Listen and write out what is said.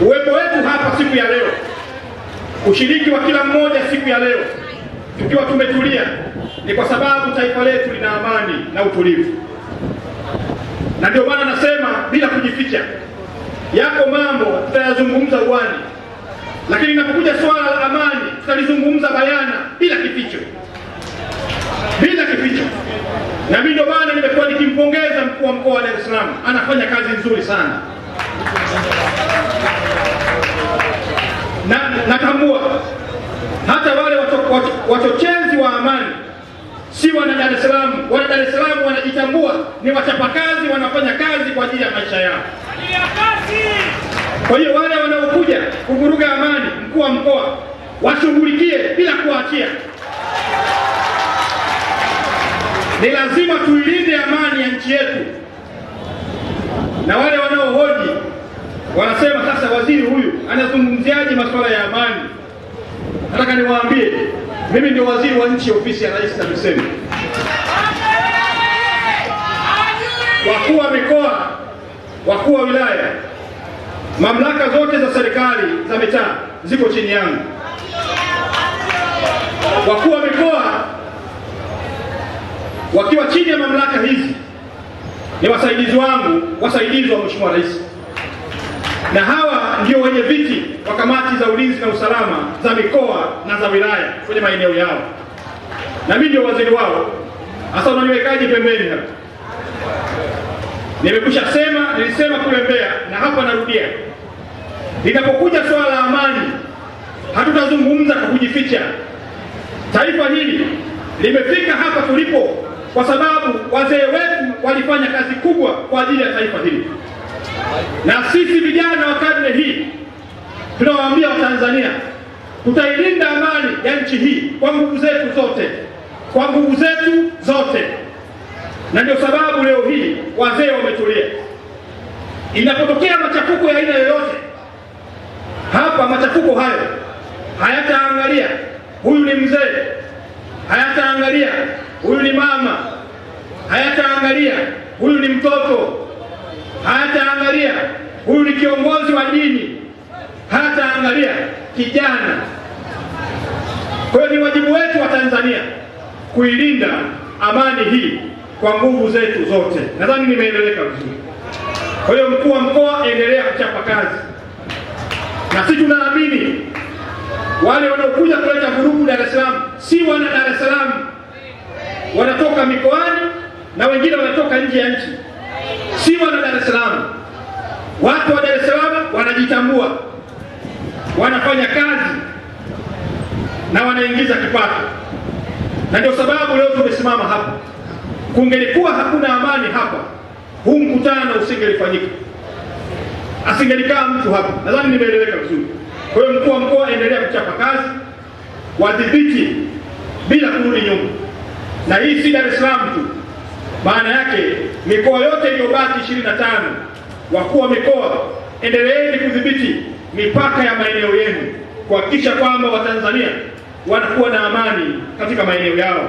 Uwepo wetu hapa siku ya leo, ushiriki wa kila mmoja siku ya leo, tukiwa tumetulia, ni kwa sababu taifa letu lina amani na utulivu, na ndio maana nasema bila kujificha, yako mambo tutayazungumza uwani, lakini inapokuja swala la amani tutalizungumza bayana, bila kificho, bila kificho. Na mimi ndio maana nimekuwa nikimpongeza mkuu wa mkoa wa Dar es Salaam, anafanya kazi nzuri sana. wana Dar es Salaam wanajitambua ni wachapakazi, wanafanya kazi kwa ajili ya maisha yao. Kwa hiyo wale wanaokuja kuvuruga amani, mkuu wa mkoa washughulikie bila kuachia. Ni lazima tuilinde amani ya nchi yetu, na wale wanaohoji wanasema sasa, waziri huyu anazungumziaje masuala ya amani? Nataka niwaambie, mimi ndio waziri wa nchi, ofisi ya Rais TAMISEMI. wakuu wa mikoa, wakuu wa wilaya, mamlaka zote za serikali za mitaa ziko chini yangu. Wakuu wa mikoa wakiwa chini ya mamlaka hizi ni wasaidizi wangu, wasaidizi wa Mheshimiwa Rais, na hawa ndio wenye viti wa kamati za ulinzi na usalama za mikoa na za wilaya kwenye maeneo yao, na mimi ndio waziri wao. hasa unaniwekaje pembeni hapa? Nimekusha sema, nilisema kule Mbeya na hapa narudia, linapokuja swala la amani, hatutazungumza kwa kujificha. Taifa hili limefika hapa tulipo kwa sababu wazee wetu walifanya kazi kubwa kwa ajili ya taifa hili, na sisi vijana wa karne hii tunawaambia Watanzania tutailinda amani ya nchi hii kwa nguvu zetu zote, kwa nguvu zetu zote na ndio sababu leo hii wazee wametulia. Inapotokea machafuko ya aina yoyote hapa, machafuko hayo hayataangalia huyu ni mzee, hayataangalia huyu ni mama, hayataangalia huyu ni mtoto, hayataangalia huyu ni kiongozi wa dini, hayataangalia kijana. Kwa hiyo ni wajibu wetu wa Tanzania kuilinda amani hii kwa nguvu zetu zote. Nadhani nimeeleweka vizuri. Kwa hiyo, mkuu wa mkoa, endelea kuchapa kazi, na sisi tunaamini wale wanaokuja kuleta vurugu Dar es Salaam si wana Dar es Salaam, wanatoka mikoani na wengine wanatoka nje ya nchi, si wana Dar es Salaam. Watu wa Dar es Salaam wanajitambua, wanafanya kazi na wanaingiza kipato, na ndio sababu leo tumesimama hapa. Kungelikuwa hakuna amani hapa, huu mkutano usingelifanyika, asingelikaa mtu hapa. Nadhani nimeeleweka vizuri. Kwa hiyo, mkuu wa mkoa endelea kuchapa kazi, wadhibiti bila kurudi nyuma, na hii si Dar es Salaam tu, maana yake mikoa yote iliyobaki ishirini na tano. Wakuu wa mikoa, endeleeni kudhibiti mipaka ya maeneo yenu kuhakikisha kwamba Watanzania wanakuwa na amani katika maeneo yao.